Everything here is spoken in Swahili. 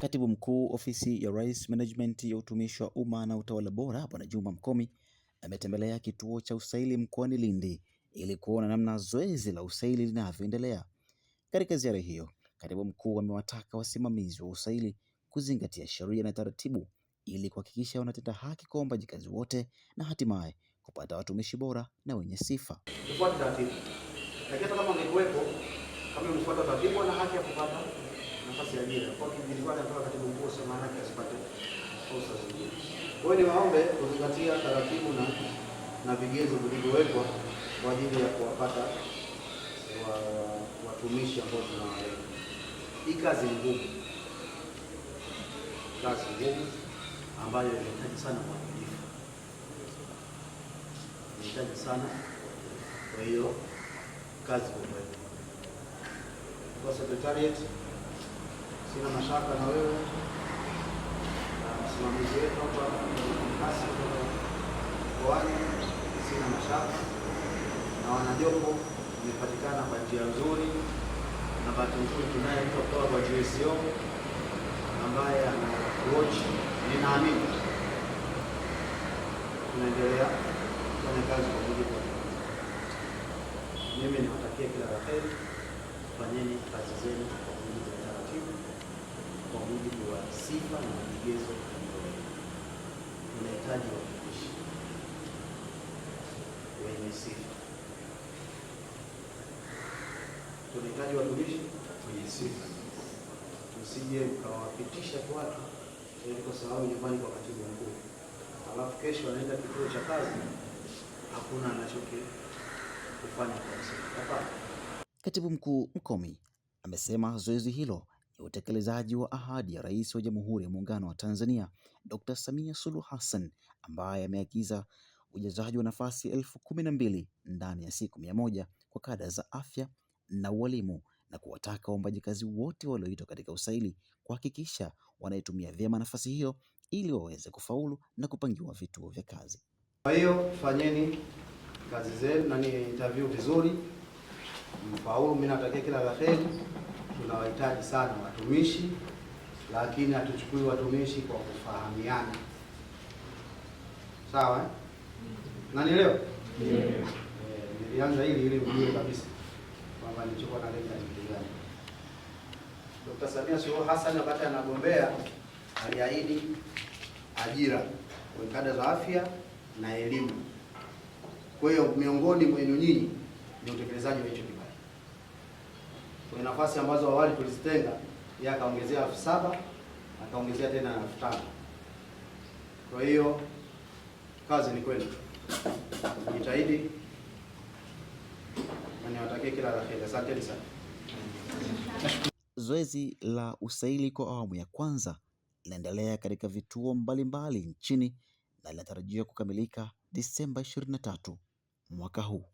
Katibu Mkuu Ofisi ya Rais Management ya Utumishi wa Umma na Utawala Bora, Bwana Juma Mkomi ametembelea kituo cha usaili mkoani Lindi ili kuona namna zoezi la usaili linavyoendelea. Katika ziara hiyo, Katibu Mkuu amewataka wasimamizi wa usaili kuzingatia sheria na taratibu ili kuhakikisha wanatenda haki kwa waombaji kazi wote na hatimaye kupata watumishi bora na wenye sifa. Lakini hata kama ungekuwepo, kama ungefuata taratibu na haki ya kupata nafasi ya ajira. Kwa hiyo nilikuwa nataka katibu mkuu sema maana yake asipate fursa zingine. Kwa hiyo niwaombe kuzingatia taratibu na na vigezo vilivyowekwa kwa ajili ya kuwapata wa, watumishi ambao tunawaweka. Hii kazi ngumu, kazi ngumu ambayo inahitaji sana uadilifu, inahitaji sana kwa hiyo kazi kwa kweli. Kwa secretariat, sina mashaka na wewe na msimamizi wetu hapa kasi mkoani, sina mashaka na wanajopo, imepatikana kwa njia nzuri, na bahati nzuri tunaye mtu kutoka kwa JSO ambaye ana watch, ninaamini tunaendelea kufanya kazi kwa mujibu mimi niwatakie kila la heri, fanyeni kazi zenu kwa mujibu wa taratibu, kwa mujibu wa sifa na vigezo vilivyowekwa. Tunahitaji watumishi wenye sifa, tunahitaji watumishi wenye sifa. Usije ukawapitisha kwa watu yaani kwa sababu nyumbani kwa katibu mkuu, alafu kesho anaenda kituo cha kazi, hakuna anachoki kufanya kazi. Katibu Mkuu Mkomi amesema zoezi hilo ni utekelezaji wa ahadi ya Rais wa Jamhuri ya Muungano wa Tanzania Dr. Samia Suluhu Hassan ambaye ameagiza ujazaji wa nafasi elfu kumi na mbili ndani ya siku mia moja kwa kada za afya na ualimu na kuwataka waombaji kazi wote walioitwa katika usaili kuhakikisha wanaitumia vyema nafasi hiyo ili waweze kufaulu na kupangiwa vituo vya kazi. Kwa hiyo fanyeni kazi zenu nani interview vizuri, mfaulu. Mimi natakia kila la heri. Tunawahitaji sana watumishi, lakini hatuchukui watumishi kwa kufahamiana, sawa eh? leo yeah. Eh, nilianza hili ili mjue kabisa kwamba nilichokuwa na lenga ni kitu gani. Dkt. Samia Suluhu Hassan wakati anagombea aliahidi ajira kwa kada za afya na elimu. Kwa hiyo miongoni mwenu nyinyi ni utekelezaji wa hicho kibali. Kuna nafasi ambazo awali tulizitenga, yeye akaongezea elfu saba akaongezea tena elfu tano Kwa hiyo kazi ni kwenu, jitahidi na niwatakie kila la heri. Asanteni sana. Zoezi la usaili kwa awamu ya kwanza linaendelea katika vituo mbalimbali mbali nchini na linatarajiwa kukamilika Disemba 23. mwaka huu.